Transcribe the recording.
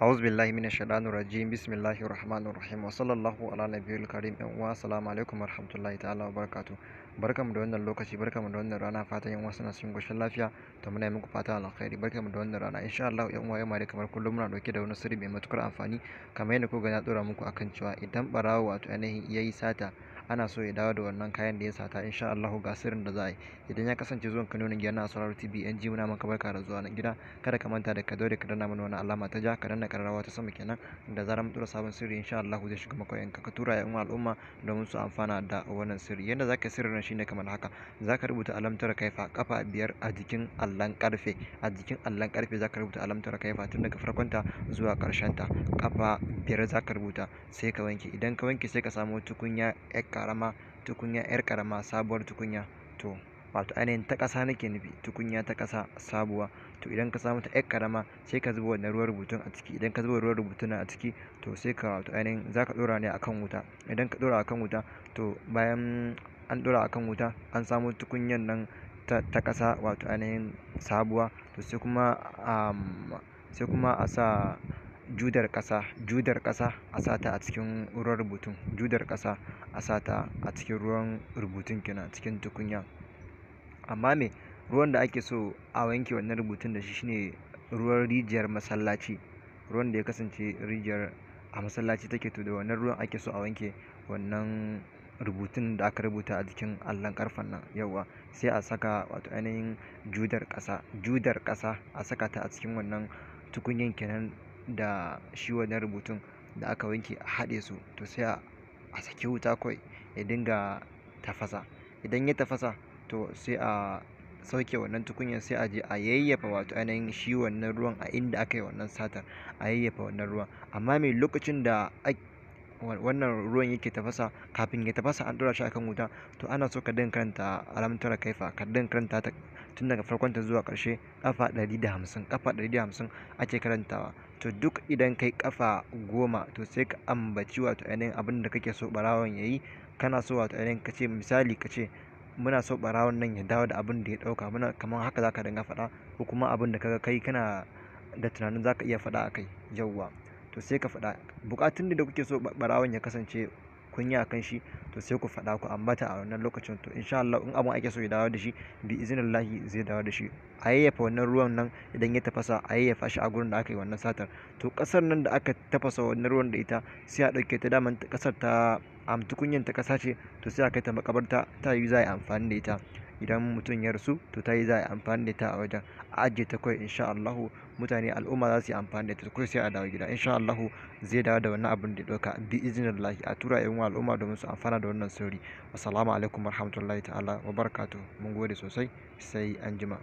A'udhu billahi minash shaitanir rajim. Bismillahir rahmanir rahim. Wa sallallahu ala nabiyil karim. Yan uwa assalamu alaikum warahmatullahi ta'ala wa barka Barkamu da wannan lokaci, barkamu da wannan rana. Fatan yan uwa na cikin goshin lafiya. To muna muku fata alkhairi. mu da wannan rana. Insha Allah yan uwa yau ma kamar kullum muna dauke da wani sirri mai matukar amfani. Kamar yadda ko ga na dora muku akan cewa idan barawo wato ainihin yayi sata ana so ya dawo da wannan kayan da ya sata insha Allah ga sirrin da za a yi idan ya kasance zuwan ka nonon gidan Asrar TV NG muna maka barka da zuwa nan gida kada ka manta da ka daure ka danna mana wannan alama ta ja ka danna kararrawa ta sama kenan da zarar mun tura sabon sirri insha Allah zai shiga maka yanka ka tura yan al'umma domin su amfana da wannan sirri yanda zaka sirrin shine kamar haka zaka rubuta alamtar kaifa kafa biyar a jikin allan karfe a jikin allan karfe zaka rubuta alamtar kaifa tun daga farkonta zuwa karshen ta kafa biyar zaka rubuta sai ka wanke idan ka wanke sai ka samu tukunya ƙarama tukunya 'yar ƙarama sabuwar tukunya to wato ainihin ta ƙasa nake nufi tukunya ta ƙasa sabuwa to idan ka samu ta 'yar ƙarama sai ka zuba wannan ruwan rubutun a ciki idan ka zuba ruwan rubutun a ciki to sai ka wato ainihin za ka ɗora ne akan wuta idan ka ɗora akan wuta to bayan an ɗora akan wuta an samo tukunyan nan ta ƙasa wato ainihin sabuwa to sai kuma sai kuma a sa judar ƙasa judar ƙasa a sata a cikin ruwan rubutun judar ƙasa a sata a cikin ruwan rubutun kenan cikin tukunya amma me ruwan da ake so a wanke wannan rubutun da shi shine ruwan rijiyar masallaci ruwan da ya kasance rijiyar a masallaci take to da wannan ruwan ake so a wanke wannan rubutun da aka rubuta a jikin allon karfen nan yawa sai a saka wato ainihin judar ƙasa judar ƙasa a saka ta a cikin wannan tukunyan kenan da shi wannan rubutun da aka wanke a haɗe su to sai a saki wuta kawai ya dinga tafasa idan ya tafasa to sai a sauke wannan tukunyar sai a je a yayyafa wato ainihin shi wannan ruwan a inda aka yi wannan satar a yayyafa wannan ruwan amma mai lokacin da wannan ruwan yake tafasa kafin ya tafasa an ɗora shi akan wuta to ana so ka dinga karanta alamtar kaifa ka dinga karanta ta tun daga farkon ta zuwa ƙarshe kafa 150 kafa 150 ake karantawa to duk idan kai kafa goma to sai ka ambaci wato ainihin abin da kake so barawon yayi kana so wato ainihin ka ce misali ka ce muna so barawon nan ya dawo da abin da ya ɗauka muna kamar haka zaka dinga faɗa ko kuma abin da kaga kai kana da tunanin zaka iya faɗa a kai yawwa to sai ka faɗa buƙatun da kuke so ɓarawon ya kasance kun yi akan shi to sai ku faɗa ku ambata a wannan lokacin to insha Allah in abun ake so ya dawo da shi bi iznillahi zai dawo da shi a yayyafa wannan ruwan nan idan ya tafasa a yayyafa shi a gurin da aka yi wannan satar to kasar nan da aka tafasa wannan ruwan da ita sai a ɗauke ta daman ƙasar ta amtukunyan ta ƙasa ce to sai a kai ta makabarta ta yi za a yi amfani da ita idan mutum ya rasu to ta yi za yi amfani da ta a wajen a ajiye ta kawai insha Allahu mutane al'umma za su yi amfani da ta kawai sai a dawo gida insha Allahu zai dawo da wannan abin da ya ɗauka bi iznillahi a tura yan al'umma domin su amfana da wannan sauri assalamu alaikum warahmatullahi ta'ala wa barakatuh mun gode sosai sai anjima